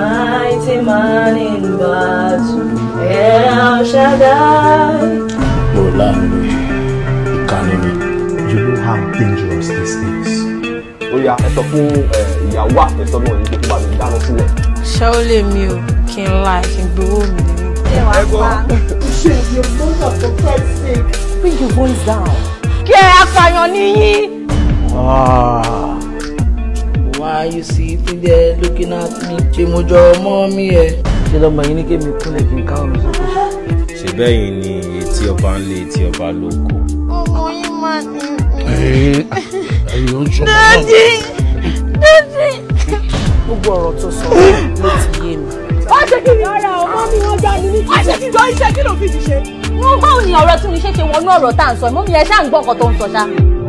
mighty man in battle, El Shaddai. Olamide, Ikanimi, you know how dangerous this is. Oh yeah, ẹ sọ fún ìyàwó àfẹ́sọ́nà yìí pé kí bá mi dáná sílẹ̀. Ṣé ó lè mi o kí n la kí n gbowó mi ni? Ẹ gbọ́. Ṣé your mother for Christ's sake bring your voice down? Kí ẹ apààyàn níyìn. Ah now you see me there looking at me ṣe mo jọ ọmọ mi ẹ. ṣé lọmọ yín ní kí èmi kúnlẹ̀ kí n ká omi sókè. ṣe bẹ́ẹ̀ yìí ni etí ọba ń lé etí ọba lóko. ọmọ yín máa ní. ẹ̀yin ẹ̀yin ń sọ ọmọ náà. gbogbo ọ̀rọ̀ tó sọ ló ti yé mi. ó ṣe kí ni ara ọmọ mi wọ́n já mi ní kí. ó ṣe kí ló ń ṣe kí ló fi ti ṣe. wọ́n báwo ni ọ̀rọ̀ tí mi ṣe ṣe wọnú ọ̀rọ̀ tá à ń sọ mọ́ mi ẹ ṣáà ń gbọ́ ọkọ̀ tó ń sọ ṣáà.